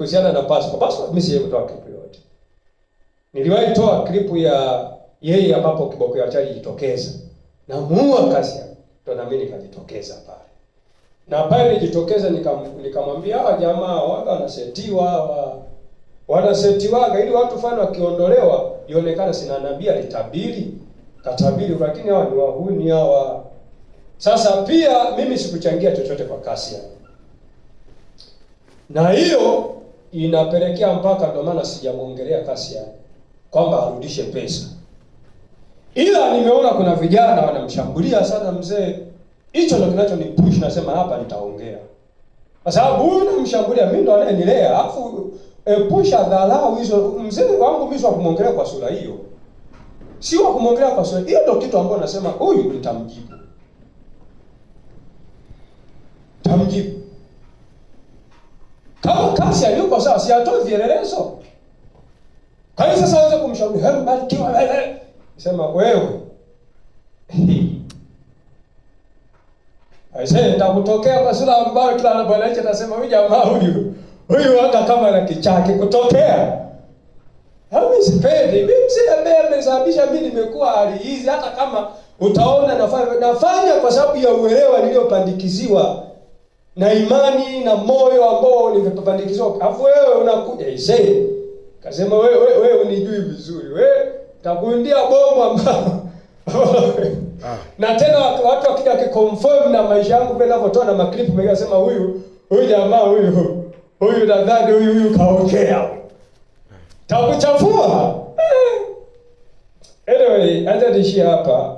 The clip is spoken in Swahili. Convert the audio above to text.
kuhusiana na Pasco. Pasco mimi sijawahi kutoa clip yoyote. Niliwahi toa clip ya yeye ambapo kiboko ya chaji jitokeza. Na muua kasi ya ndo na mimi nikajitokeza pale. Na pale nilijitokeza nikamwambia nika ah, hawa jamaa wanga wanasetiwa wa wanasetiwaga ili watu fano wakiondolewa ionekane sina nabii alitabiri katabiri, lakini hawa ni wahuni hawa. Sasa pia mimi sikuchangia chochote kwa kasi ya na hiyo inapelekea mpaka, ndio maana sijamwongelea kasi yake kwamba arudishe pesa, ila nimeona kuna vijana wanamshambulia sana mzee. Hicho ndio push nasema hapa nitaongea kwa sababu huyu namshambulia mimi, ndo anayenilea alafu epusha eh, dharau hizo. Mzee wangu mimi sio kumwongelea kwa sura hiyo, sio kumwongelea kwa sura hiyo, ndio kitu ambacho nasema huyu nitamjibu, tamjibu sawa sawa, si atoe vielelezo. Kwa hiyo sasa anza kumshauri hebu, barikiwa wewe, sema wewe aisee, nitakutokea kwa sura ambayo kila anapoelewa atasema huyu jamaa huyu huyu, hata kama na kichake kutokea Hapo sipendi. Mimi si ambaye amesababisha mimi nimekuwa hali hizi hata kama utaona nafanya nafanya kwa sababu ya uelewa niliyopandikiziwa na imani na moyo ambao nimepandikizwa. Alafu wewe unakuja ise kasema wewe wewe we, unijui vizuri we, takuindia bomu ambao ah. na tena watu watu wakija kiconfirm na maisha yangu vile ninavyotoa na maclip mega sema huyu huyu jamaa huyu huyu nadhani huyu huyu kaongea takuchafua. Anyway, acha nishie hapa.